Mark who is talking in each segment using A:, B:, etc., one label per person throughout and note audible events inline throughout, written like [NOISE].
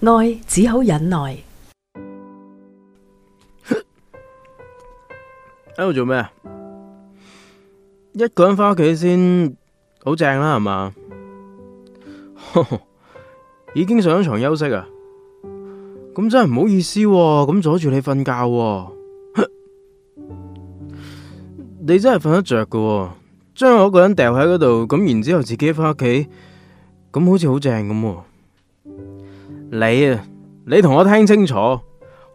A: 愛只好忍耐。
B: 喺度做咩啊？一個人翻屋企先，好正啦，係嘛？已經上咗床休息啊？咁真係唔好意思、啊，咁阻住你瞓覺、啊。 [LAUGHS] 你真係瞓得着噶、啊？將我個人掉喺嗰度，咁然之後自己翻屋企。咁好似好正咁喎！你啊，你同我聽清楚，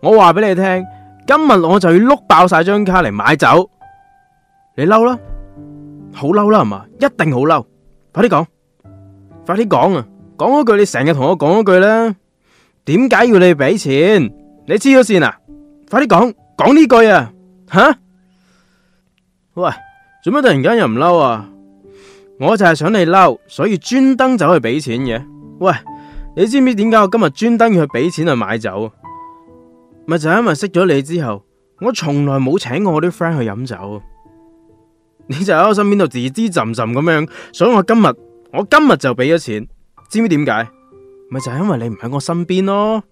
B: 我話俾你聽，今日我就要碌爆晒張卡嚟買酒，你嬲啦？好嬲啦，係嘛？一定好嬲！快啲講，快啲講啊！講嗰句，你成日同我講嗰句啦。點解要你俾錢？你知咗先啊！快啲講，講呢句啊！吓？喂，做乜突然間又唔嬲啊？我就係想你嬲，所以專登走去俾錢嘅。喂，你知唔知點解我今日專登要去俾錢去買酒？咪就係因為識咗你之後，我從來冇請過我啲 friend 去飲酒。你就喺我身邊度吱吱浸浸咁樣，所以我今日我今日就俾咗錢。知唔知點解？咪就係因為你唔喺我身邊咯。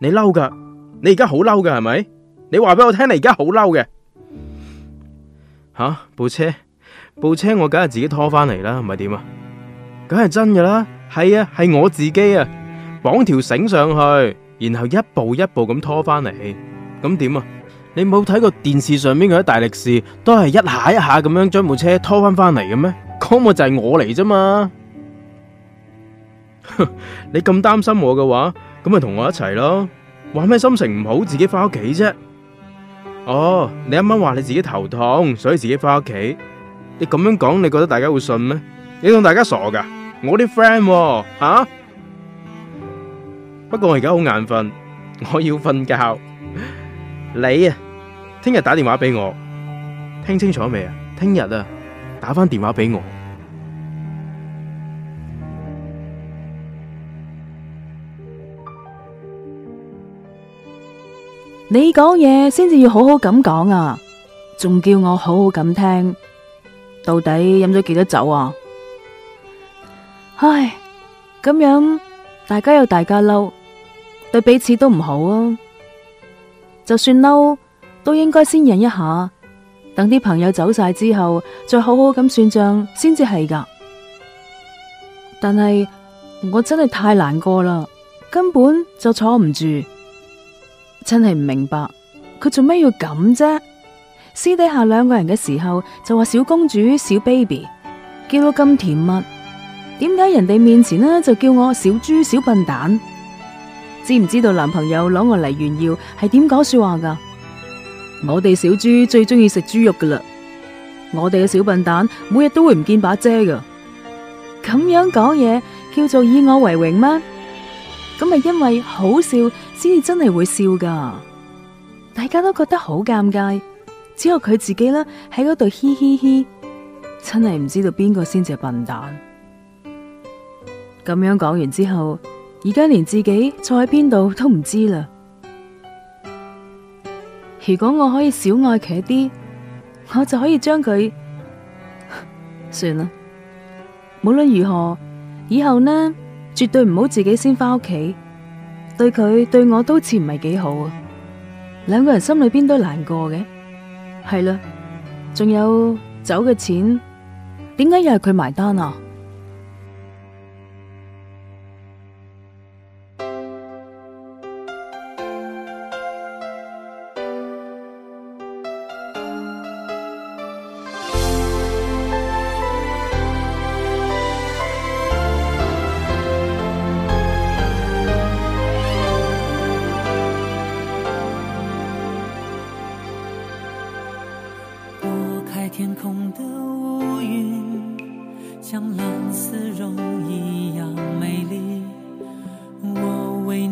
B: 你嬲噶？你而家好嬲噶係咪？你話俾我聽，你而家好嬲嘅。吓，部車。部車我梗係自己拖翻嚟啦，唔係點啊？梗係真噶啦，係啊，係我自己啊，綁條繩上去，然後一步一步咁拖翻嚟。咁點啊？你冇睇過電視上面嗰啲大力士都係一下一下咁樣將部車拖翻翻嚟嘅咩？嗰個就係我嚟啫嘛。 [LAUGHS] 你咁擔心我嘅話，咁咪同我一齊咯。話咩心情唔好，自己翻屋企啫。哦，你啱啱話你自己頭痛，所以自己翻屋企。你咁樣講，你覺得大家會信咩？你當大家傻噶？我啲 friend，吓。不過我而家好眼瞓，我要瞓覺。你啊，聽日打電話俾我，聽清楚未啊？聽日啊，打翻電話俾我。
A: 你講嘢先至要好好咁講啊，仲叫我好好咁聽。到底飲咗幾多酒啊？唉，咁樣大家有大家嬲，對彼此都唔好啊。就算嬲，都應該先忍一下，等啲朋友走晒之後，再好好咁算賬先至係噶。但係我真係太難過啦，根本就坐唔住，真係唔明白佢做咩要咁啫？私底下兩個人嘅時候就話小公主、小 baby，叫到咁甜蜜，點解人哋面前呢就叫我小豬、小笨蛋？知唔知道男朋友攞我嚟炫耀係點講說話噶？我哋小豬最中意食豬肉噶啦，我哋嘅小笨蛋每日都會唔見把遮噶，咁樣講嘢叫做以我為榮嗎？咁係因為好笑先至真係會笑噶，大家都覺得好尷尬。之後只有佢自己啦，喺嗰度嘻嘻嘻，真係唔知道邊個先至係笨蛋。咁樣講完之後，而家連自己坐喺邊度都唔知啦。如果我可以少愛佢啲，我就可以將佢算啦。無論如何，以後呢絕對唔好自己先翻屋企，對佢對我都似唔係幾好啊。兩個人心裏邊都難過嘅。係啦，仲有走嘅錢，點解又係佢埋單啊？